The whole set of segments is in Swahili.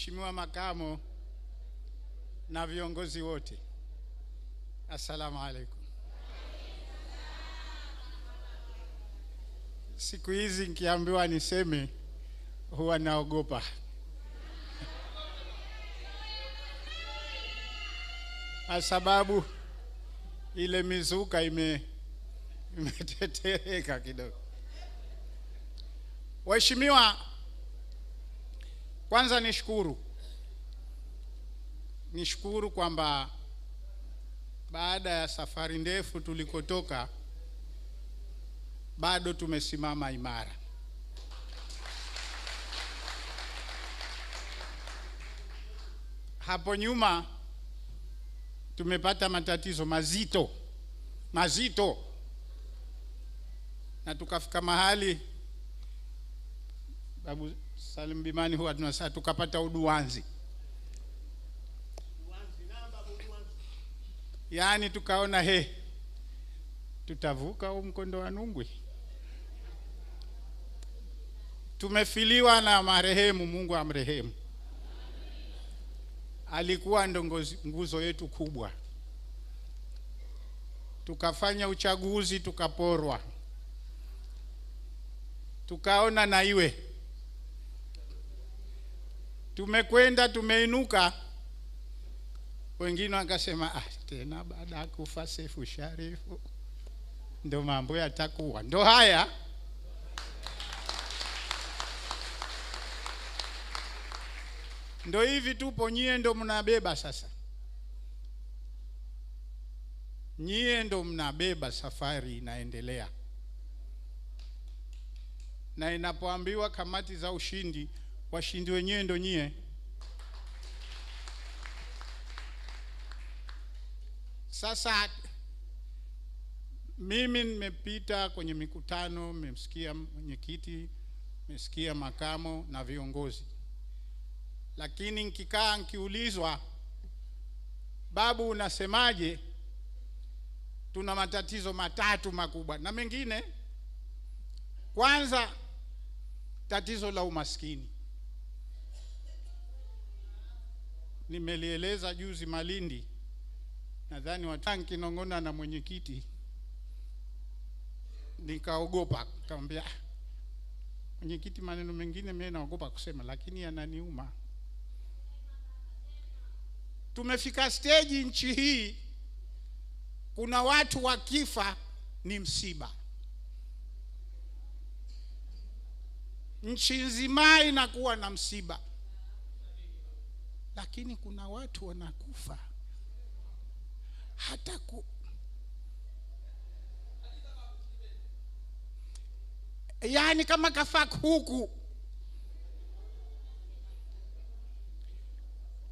Mheshimiwa Makamo na viongozi wote, assalamu alaikum. Siku hizi nikiambiwa niseme huwa naogopa. Kwa sababu ile mizuka ime imetetereka kidogo. Waheshimiwa kwanza nishukuru nishukuru kwamba baada ya safari ndefu tulikotoka bado tumesimama imara. Hapo nyuma tumepata matatizo mazito mazito, na tukafika mahali babu Salim Bimani huwa tunasa tukapata uduanzi, yaani tukaona he, tutavuka huu mkondo wa Nungwi. Tumefiliwa na marehemu, Mungu amrehemu, alikuwa ndo nguzo yetu kubwa. Tukafanya uchaguzi tukaporwa, tukaona na iwe tumekwenda tumeinuka. Wengine wakasema ah, tena baada ya kufa Sefu Sharifu ndo mambo yatakuwa ndo haya. Ndo hivi tupo, nyie ndo mnabeba sasa, nyie ndo mnabeba, safari inaendelea. Na inapoambiwa kamati za ushindi Washindi wenyewe ndo nyie. Sasa mimi nimepita kwenye mikutano, mmemsikia mwenyekiti, mmesikia makamo na viongozi, lakini nkikaa nkiulizwa, babu, unasemaje? Tuna matatizo matatu makubwa na mengine. Kwanza, tatizo la umaskini. nimelieleza juzi Malindi, nadhani watu na mwenyekiti, nikaogopa kaambia mwenyekiti, maneno mengine mimi naogopa kusema, lakini yananiuma. Tumefika steji nchi hii, kuna watu wakifa ni msiba. Nchi nzima inakuwa na msiba lakini kuna watu wanakufa hata ku... yaani kama kafa huku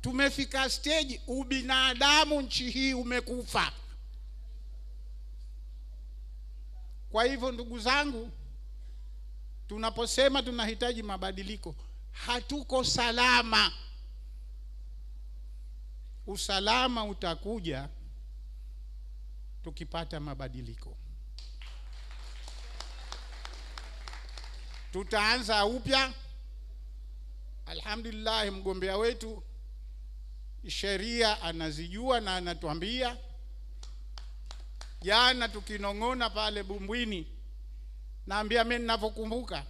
tumefika steji ubinadamu nchi hii umekufa kwa hivyo ndugu zangu tunaposema tunahitaji mabadiliko hatuko salama Usalama utakuja tukipata mabadiliko, tutaanza upya. Alhamdulillah, mgombea wetu sheria anazijua na anatuambia. Jana tukinong'ona pale Bumbwini, naambia mimi ninavyokumbuka,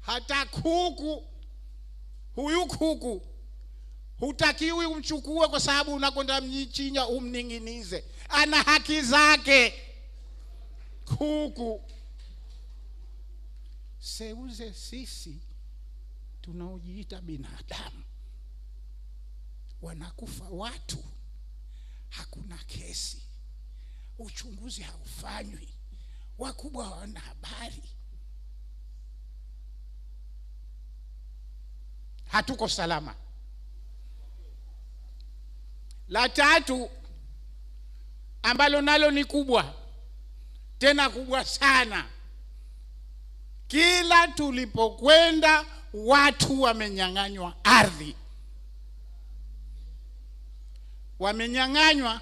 hata kuku huyu kuku Hutakiwi umchukue kwa sababu unakwenda mnyichinya umning'inize, ana haki zake kuku Seuze sisi tunaojiita binadamu, wanakufa watu, hakuna kesi, uchunguzi haufanywi, wakubwa hawana habari. Hatuko salama. La tatu ambalo nalo ni kubwa tena kubwa sana, kila tulipokwenda watu wamenyang'anywa ardhi. Wamenyang'anywa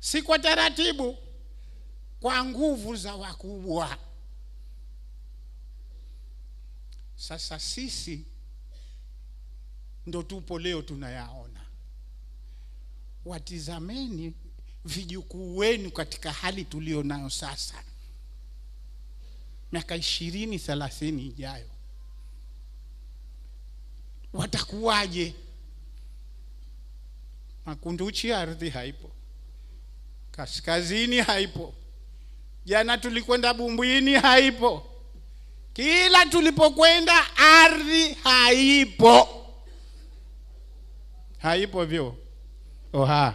si kwa taratibu, kwa nguvu za wakubwa. Sasa sisi ndo tupo leo tunayaona watizameni vijukuu wenu katika hali tulio nayo sasa, miaka ishirini thelathini ijayo watakuwaje? Makunduchi ardhi haipo, kaskazini haipo, jana tulikwenda Bumbwini haipo, kila tulipokwenda ardhi haipo, haipo vyo Oha.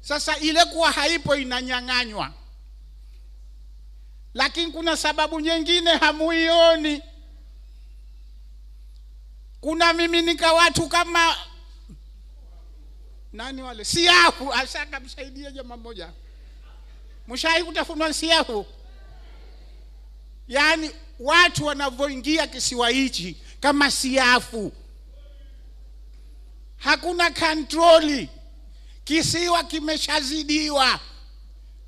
Sasa ile kuwa haipo inanyang'anywa, lakini kuna sababu nyingine hamuioni. Kuna miminika watu kama nani wale siahu, ashaka msaidie jamaa mmoja, mshahi kutafunwa siahu, yaani watu wanavyoingia kisiwa hichi kama siafu hakuna kontroli, kisiwa kimeshazidiwa.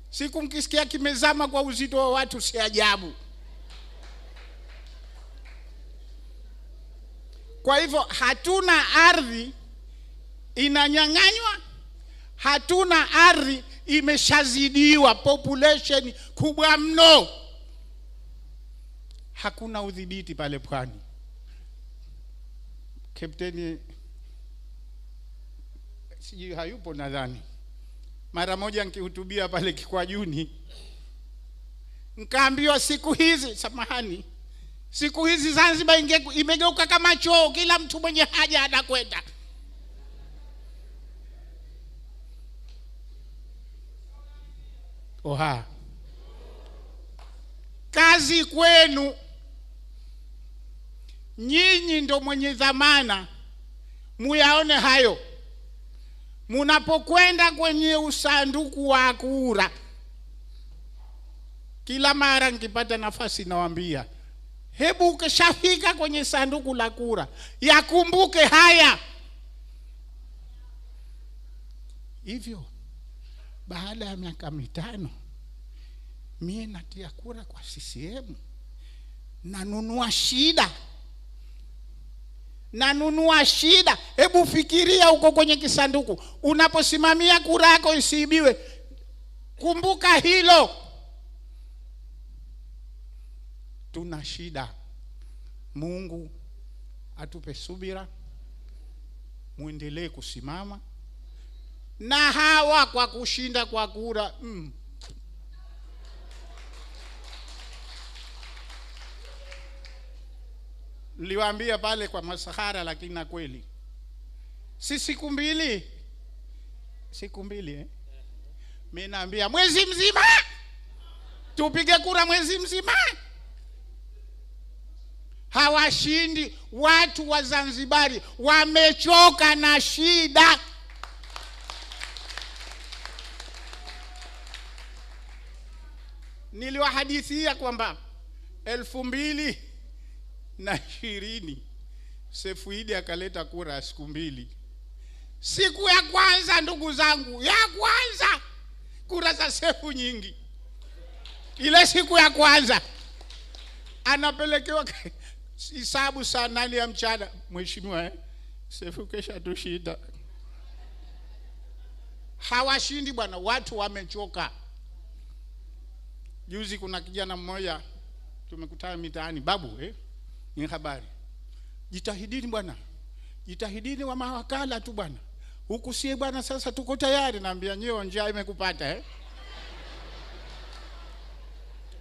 Siku mkisikia kimezama kwa uzito wa watu, si ajabu. Kwa hivyo hatuna ardhi inanyang'anywa, hatuna ardhi imeshazidiwa, population kubwa mno, hakuna udhibiti pale pwani. Kapteni sijui hayupo nadhani. Mara moja nikihutubia pale Kikwajuni, nkaambiwa siku hizi, samahani, siku hizi Zanzibar inge, imegeuka kama choo, kila mtu mwenye haja anakwenda. Oha, kazi kwenu nyinyi, ndo mwenye dhamana muyaone hayo munapokwenda kwenye usanduku wa kura, kila mara nikipata nafasi nawambia, hebu ukishafika kwenye sanduku la kura yakumbuke haya. Hivyo baada ya miaka mitano mie natia kura kwa CCM, nanunua shida nanunua shida. Hebu fikiria huko kwenye kisanduku, unaposimamia kura yako isiibiwe, kumbuka hilo. Tuna shida. Mungu atupe subira, mwendelee kusimama na hawa kwa kushinda kwa kura mm. niliwaambia pale kwa masahara, lakini na kweli si siku mbili, siku mbili eh? Mi naambia mwezi mzima tupige kura mwezi mzima, hawashindi. Watu wa Zanzibari wamechoka na shida. Niliwahadithia kwamba elfu mbili na ishirini Sefuidi akaleta kura ya siku mbili. Siku ya kwanza, ndugu zangu, ya kwanza kura za Sefu nyingi, ile siku ya kwanza anapelekewa hisabu saa nane ya mchana, mheshimiwa eh? Sefu kesha tushinda. Hawashindi bwana, watu wamechoka. Juzi kuna kijana mmoja tumekutana mitaani, babu eh? ni habari. Jitahidini bwana, jitahidini wa mawakala tu bwana, huku sie bwana, sasa tuko tayari. Naambia nyio, njia imekupata eh?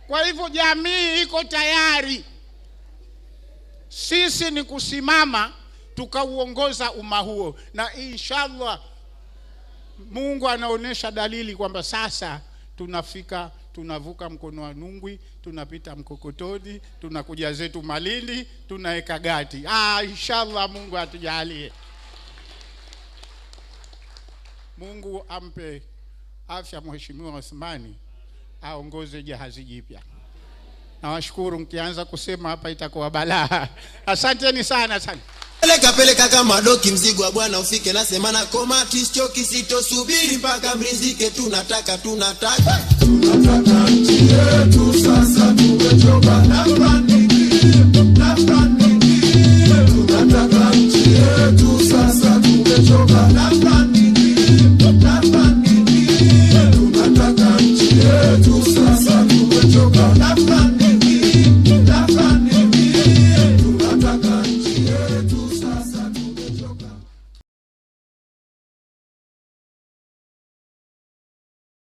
Kwa hivyo jamii iko tayari, sisi ni kusimama tukauongoza umma huo, na inshallah Mungu anaonyesha dalili kwamba sasa tunafika tunavuka mkono wa Nungwi, tunapita Mkokotoni, tunakuja zetu Malindi, tunaweka gati. Ah, inshallah Mungu atujalie. Mungu ampe afya Mheshimiwa Othmani, aongoze jahazi jipya. Nawashukuru, mkianza kusema hapa itakuwa balaa. Asanteni sana sana peleka peleka kama doki, mzigo wa bwana ufike. Nasema na koma tischo kisito, subiri mpaka mrizike. Tunataka tunataka tunataka nchi yetu sasa, tumechoka na